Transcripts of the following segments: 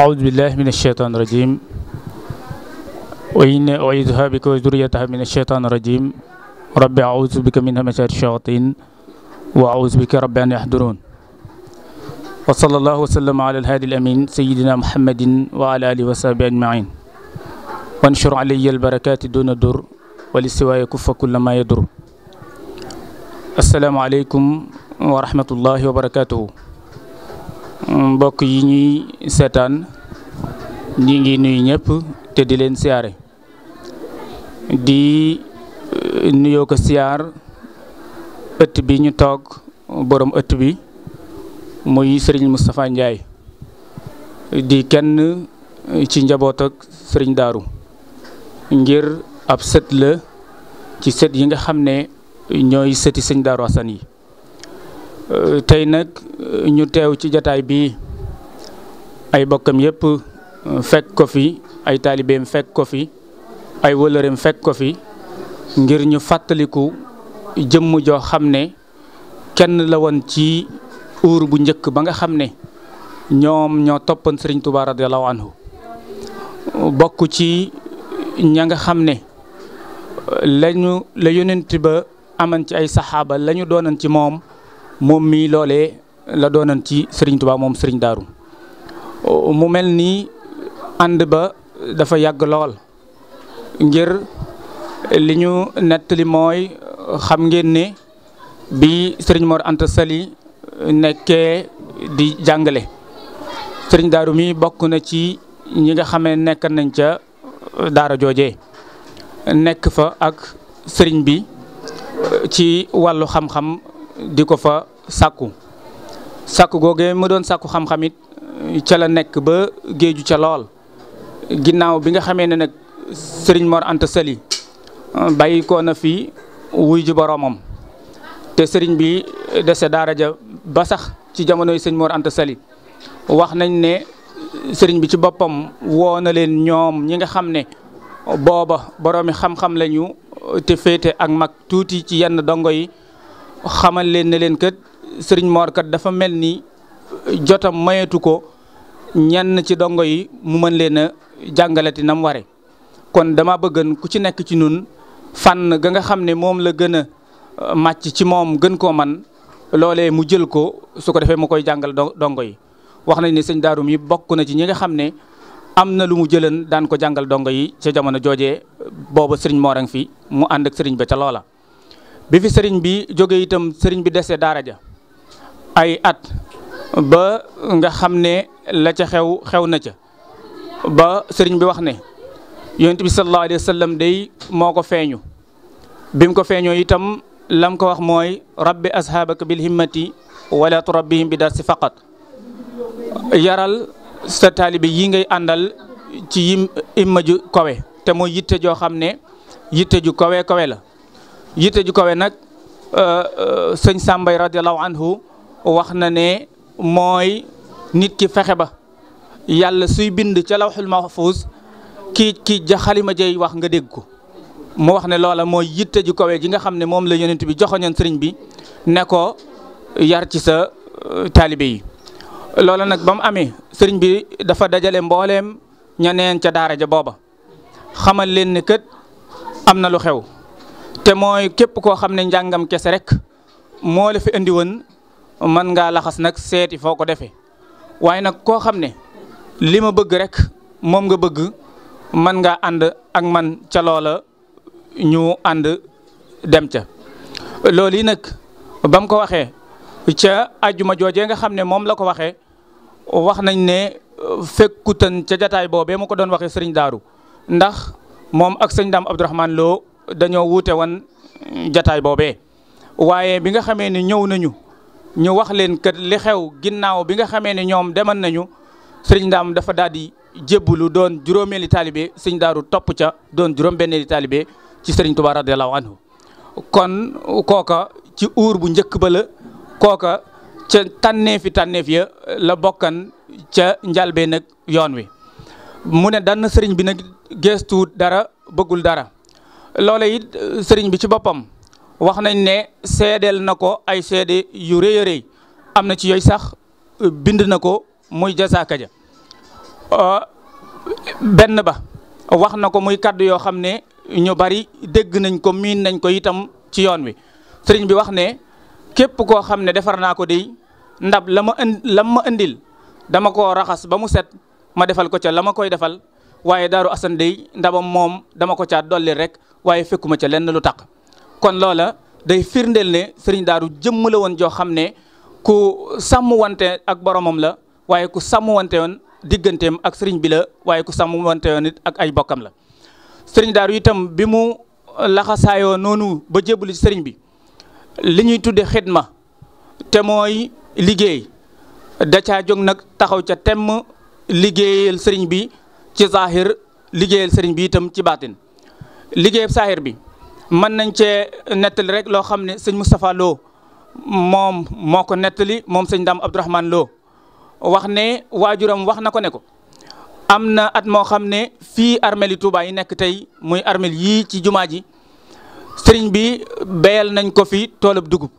أعوذ بالله من الشيطان الرجيم وإن أعيذها بك وذريتها من الشيطان الرجيم رب أعوذ بك من همشات الشياطين وأعوذ بك رب أن يحضرون وصلى الله وسلم على الهادي الأمين سيدنا محمد وعلى آله وصحبه أجمعين وانشر علي البركات دون الدر والاستواء يكف كل ما يدر السلام عليكم ورحمة الله وبركاته mbokk yi ñuy seetaan ñi ngi nuyu ñëpp te di leen siyaare di eh, nuyoo ko siyaar ëtt bi ñu toog boroom ëtt bi muy Serigne Moustapha Ndiaye di kenn eh, ci njaboot ak Serigne Darou ngir ab sët la ci sët yi nga xam ne ñooy sëti Serigne Darou Assane yi Euh, tey nag euh, ñu teew ci jataay bii ay bokkam yépp euh, fekk ko fi ay taalibeem fekk ko fi ay wëlëreem fekk ko fi ngir ñu fàttaliku jëmm joo xam ne kenn la woon ci uur bu njëkk ba nga xam ne ñoom ñoo toppoon Sëriñ Tuubaa radiyallaahu anhu bokk ci ña nga xam ne lañu la yonent ba aman ci ay saxaaba lañu doonan ci moom moom mii loolee la doonan ci Serigne Touba moom Serigne daaru mu mel nii ànd ba dafa yàgg lool ngir li ñu nettali mooy xam ngeen ne bi Serigne Mor Anta Sali nekkee di jàngale sëriñ daaru mii bokk na ci ñi nga xamee nekk nañ ca daara jooje nekk fa ak sëriñ bi ci wàllu xam-xam di ko fa sàkku sàkku googee mu doon sàkku xam-xam it eh, ca la nekk ba géeju ca lool ginnaaw bi nga xamee ne nag sëriñ Mor Anta Sali eh, bàyyi na fi wuy ji boroomam te sëriñ bi dese daara ja ba sax ci jamonoy Serigne moor Anta Sali wax nañ ne sëriñ bi ci boppam woo na leen ñoom ñi nga xam ne booba boroomi xam-xam lañu eh, te féete ak mag tuuti ci yenn dongo yi. xamal leen na leen kat sëriñ Mor kat dafa mel ni jotam mayetu ko ñenn ci dongo yi mu mën leen a jàngalati nam ware kon dama bëggan ku ci nekk ci nun fànn ga nga xam ne moom la gën a euh, màcc ci moom gën koo man loole mu jël ko su ko defee mu koy jàngal dongo yi wax nañ ne sëñ daarum yi bokk na ci ñi nga xam ne am na lu mu jëlan daan ko jàngal dongo yi ca jamono joojee booba sëriñ Mor a ngi fi mu ànd ak sëriñ ba ca loola bi fi sëriñ bi jóge itam sëriñ bi dese daara ja ay at ba nga xam ne la ca xew xew na ca ba sëriñ bi wax ne yonent bi sallallahu alayhi day moo ko feeñu bim ko feeñoo itam lam ko wax mooy rabbi ashaabaka bil himmati wala turabbihim bi dar si faqat yaral sa taalibe yi ngay àndal ci yim imma kawe te mooy yitte joo xam ne yitte ju kawe kawe la yitte ju kawe nag euh, euh, sëñ Sàmbay radiallahu anhu wax na ne mooy nit ki fexe ba yàlla suy bind ca lawxul mahfuz ki ki ja xalima jay wax nga dégg ko mu wax ne loola mooy yitte ju kawe ji nga xam ne moom la yonent bi joxoñoon sëriñ bi ne ko yar ci sa euh, taalibe yi loola nag ba amee sëriñ bi dafa dajale mbooleem ña neen ca daara ja booba xamal leen ne kët am na lu xew te mooy képp koo xam ne njàngam kese rek moo la fi indi woon man ngaa laxas nag seeti foo ko defee waaye nag koo xam ne li ma bëgg rek moom nga bëgg man ngaa ànd ak man ca loola ñu ànd dem ca loolu yi nag ba ko waxee ca ajjuma joojee nga xam ne moom la ko waxee wax nañ ne fekkutan ca jataay boobee mu ko doon waxee sëriñ daaru ndax moom ak sëñ daam Abdourahman Lo dañoo wuute woon jataay boobee waaye bi nga xamee ni ñëw nañu ñu wax leen kat li xew ginnaaw bi nga xamee ne ñoom deman nañu sëriñ ndaam dafa daal di jébbalu doon juróomeeli taalibe sëñ daaru topp ca doon juróom-benneeli ci sëriñ Tuubaa a anhu kon kooka ci uur bu njëkk ba la kooka ca tànneefi la bokkan ca njalbee nag yoon wi mu ne dann sëriñ bi nag geestuwut dara bëggul dara loole it sëriñ bi ci boppam wax nañ ne seedeel na ko ay seede yu rëy am na ci yooyu sax bind na ko muy jasaaka ja euh, benn ba wax na ko muy kàddu yoo xam ne ñu bari dégg nañ ko miin nañ ko itam ci yoon wi sëriñ bi wax ne képp koo xam ne defar naa ko dey ndab la ma indil dama ko raxas ba mu set ma defal ko ca la ma koy defal waaye daaru asan day ndabam moom dama ko caa dolli rek waaye fekkuma ca lenn lu tax kon loola day firndeel ne sëriñ daaru jëmm la woon joo xam ne ku sàmm wante ak boromam la waaye ku sàmm wante woon digganteem ak sëriñ bi la waaye ku sàmm wante ak ay bokkam la sëriñ daaru itam bi mu laxasaayoo noonu ba jébbalu ci sëriñ bi li ñuy tudde xidma te mooy liggéey da ca jóg nag taxaw ca temm liggéeyal sëriñ bi ci zahir liggéeyal sëriñ bi itam ci baatin liggéeyab zahir bi mën nañ cee nettali rek loo xam ne sëñ Moustapha Lo moom moo ko nettali moom sëñ Dame Abdourahmane Lo wax ne waajuram wax na ko ne ko am na at moo xam ne fii armel yi yi nekk tey muy armel yii ci jumaa ji sëriñ bi béyal nañ ko fi toolub dugub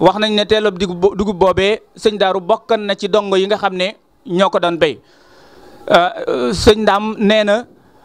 wax nañ ne teelub dugub boobee sëñ daaru bokkan na ci dongo yi nga xam ne ñoo ko doon béy Euh, sëñ daam nee na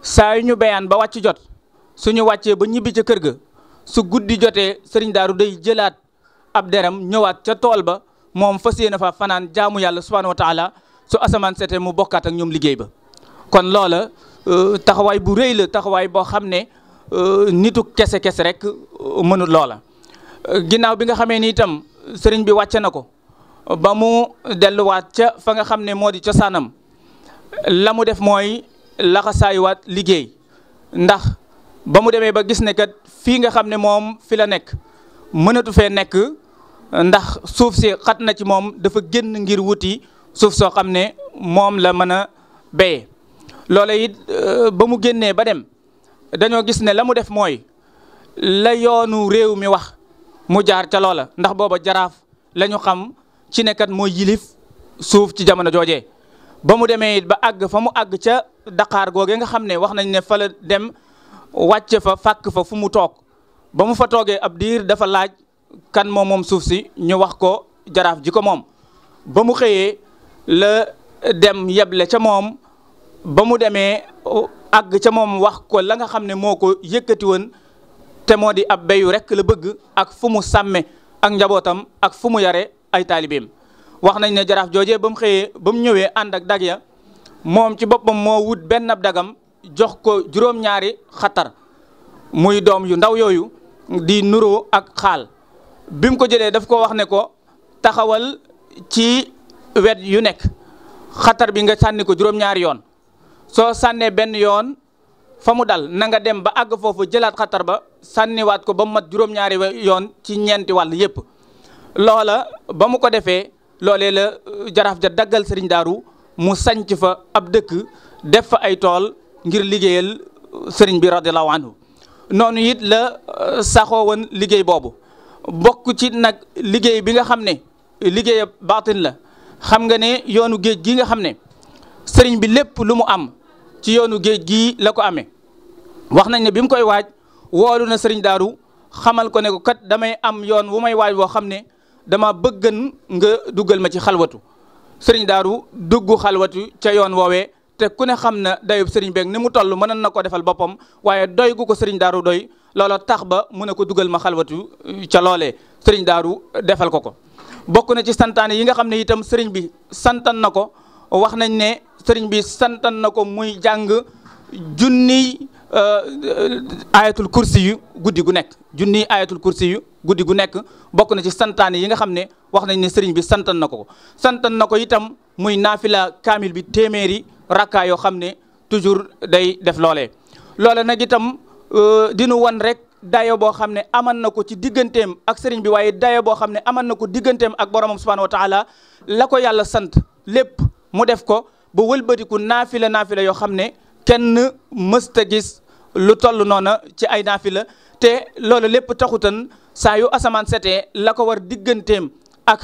saa yu ñu béyaan ba wàcc jot suñu wàccee ba ñibbi ca kër ga su guddi jotee sëriñ daaru day jëlaat ab deram ñëwaat ca tool ba moom fas yéene fa fanaan jaamu yàlla subhaanahu wa su asamaan seetee mu bokkaat ak ñoom liggéey ba kon loola euh, taxawaay bu rëy la taxawaay boo xam ne euh, nitu kese kese rek mënul loola ginnaaw bi nga xamee ni itam sëriñ bi wàcce na ko ba mu delluwaat ca fa nga xam ne moo di cosaanam la mu def mooy laxasaayuwaat liggéey ndax ba mu demee ba gis ne kat fii nga xam ne moom fi la nekk mënatu fee nekk ndax suuf si xat na ci moom dafa génn ngir wuti suuf soo xam ne moom la mën a béyee loola it euh, ba mu génnee ba dem dañoo gis ne la mu def mooy la yoonu réew mi wax mu jaar ca loola ndax booba jaraaf la xam ci nekkat mooy yilif suuf ci jamono joojee ba mu demee it ba àgg fa mu àgg ca Dakar googe nga xam ne wax nañ ne fa la dem wàcc fa fàkk fa fu mu toog ba mu fa toogee ab diir dafa laaj kan moom suuf si ñu wax ko jaraaf ji ko moom ba mu xëyee la dem yeble ca moom ba mu demee àgg ca moom wax ko la nga xam ne moo ko yëkkati woon te moo di ab béyu rekk la bëgg ak fu mu sàmmee ak njabootam ak fu mu yare ay taalibeem wax nañ ne jaraaf joojee ba mu xëyee ba mu ñëwee ànd ak dag ya moom ci boppam moo wut benn ab dagam jox ko juróom-ñaari xatar muy doom yu ndaw yooyu di nuroo ak xaal bi mu ko jëlee daf ko wax ne ko taxawal ci wet yu nekk xatar bi nga sànni ko juróom-ñaari yoon soo sànnee benn yoon fa mu dal na nga dem ba àgg foofa jëlaat xatar ba sànniwaat ko ba mu mat juróom-ñaari yoon ci ñeenti wàll yépp loola ba mu ko defee loolee la euh, jaraaf ja daggal sëriñ daaru mu sanc fa ab dëkk def fa ay tool ngir liggéeyal euh, sëriñ bi radiallahu anhu noonu it la euh, saxoo wan liggéey boobu mbokk ci nag liggéey bi nga xam ne liggéey baatin la xam nga ne yoonu géej gi nga xam ne sëriñ bi lépp lu mu am ci yoonu géej gi la ko amee wax nañ ne bi mu koy waaj woolu na sëriñ daaru xamal ko ne ko kat damay am yoon wu may waaj woo xam ne dama bëggan nga dugal ma ci xalwatu sëriñ daaru dugg xalwatu ca yoon woowee te ku ne xam na dayub sëriñ beeg ni mu toll mënoon na ko defal boppam waaye doy gu ko sëriñ daaru doy loola taax ba mu ne ko dugal ma xalwatu euh, ca loolee sëriñ daaru defal ko ko bokk na ci santaane yi nga xam ne itam sëriñ bi santan na ko wax nañ ne sëriñ bi santan na ko muy jàng junniy euh, euh, ayatul kursi yu guddi gu nekk junniy ayatul kursi yu guddi gu nekk bokk na ci santaane yi nga xam ne wax nañ ne sëriñ bi santan na ko santan na ko itam muy naafila kaamil bi téeméeri rakkaa yoo xam ne toujours day def loole loole nag itam euh, dinu wan rek dayo boo xam ne aman na ko ci digganteem ak sëriñ bi waaye dayo boo xam ne aman na ko digganteem ak boromam subhanahu wa taala la ko yàlla sant lépp mu def ko ba wëlbatiku naafila naafila yoo xam ne kenn mësta gis lu toll noona ci ay naafila te loolu lépp taxu saa yu asamaan sete la ko war digganteem ak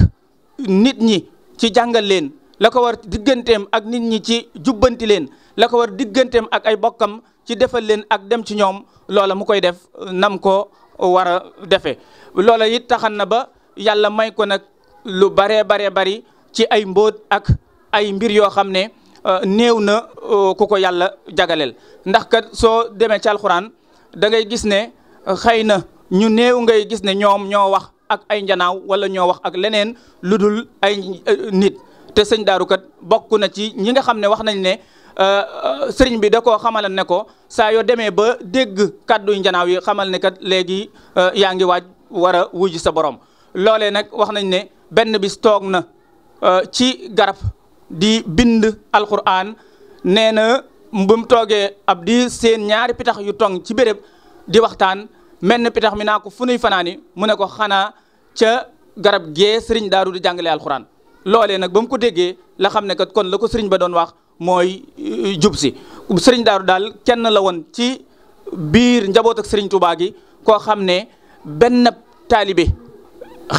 nit ñi ci jàngal leen la ko war digganteem ak nit ñi ci jubbanti leen la ko war digganteem ak ay bokkam ci defal leen ak dem ci ñoom loola mu koy def nam ko war a defee loola it taxan na ba yàlla may ko nag lu baree baree bari ci ay mbóot ak ay mbir yoo xam ne euh, néew na euh, ku ko yàlla jagaleel ndax kat soo demee ci alxuraan da gis ne xëy na ñu néew ngay gis ne ñoom ñoo wax ak ay njanaaw wala ñoo wax ak leneen lu dul ay nit te sëñ Daaru kat bokk na ci ñi nga xam ne wax nañ ne euh, euh, sëriñ bi da koo xamal ne ko saa yoo demee ba dégg kàddu njanaaw yi xamal ne kat léegi euh, yaa ngi waaj war a wuji sa borom loole nag wax nañ ne benn bis toog na ci garab di bind alquran nee na bu mu ab di seen ñaari pitax yu tong ci béréb di waxtaan mel pitax mi naa ko fu nuy fanaani mu ne ko xanaa ca garab gee sëriñ daaru di jàngalee alxuraan loolee nag ba mu ko déggee la xam ne kat kon la ko sëriñ ba doon wax mooy euh, jub si sëriñ daaru daal kenn la woon ci biir njaboot ak sëriñ Touba gi koo xam ne benn taalibe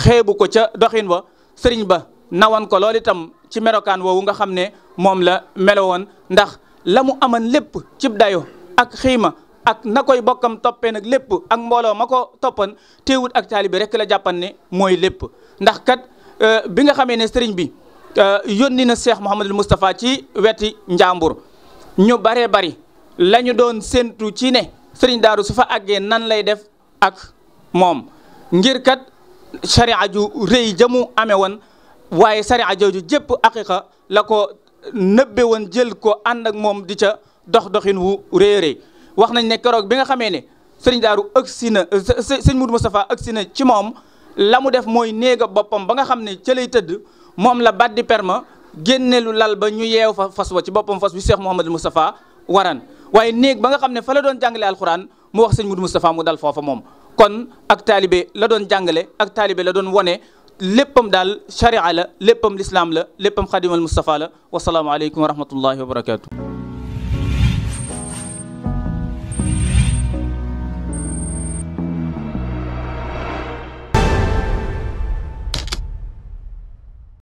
xeebu ko ca doxin wa sëriñ ba nawan ko loolu itam ci melokaan woowu nga xam ne moom la melowoon ndax la mu aman lépp cib dayo ak xiima ak na koy bokkam toppee nag lépp ak mbooloo ma ko toppan teewut ak taalibe rekk la jàppan ne mooy lépp ndax kat euh, bi nga xamee ne sëriñ bi euh, yónni na Cheikh Mouhamadul Moustapha ci weti njàmbur ñu baree bari lañu doon séentu ci ne sëriñ daaru su fa àggee nan lay def ak moom ngir kat sariya ju rëy jamu amee woon waaye sariya jooju jëpp aqiqa la ko nëbbe woon jël ko ànd ak moom di ca dox doxin wu réeré wax nañ ne keroog bi nga xamee ne sëriñ daaru agsi na sëñ Mourou Moustapha agsi na ci moom la mu def mooy néega boppam ba nga xam ne ca lay tëdd moom la baddi perma génneelu lal ba ñu yeew fa fas wa ci boppam fas bi Cheikh Mouhamadou Moustapha waran waaye néeg ba nga xam ne fa la doon jàngale alxuraan mu wax sëñ Mourou Moustapha mu dal foofa moom kon ak taalibe la doon jàngale ak taalibe la doon wone léppam daal sharia la léppam lislaam la léppam xadimal Moustapha la wasalaamualeykum wa rahmatullahi wa barakaatu.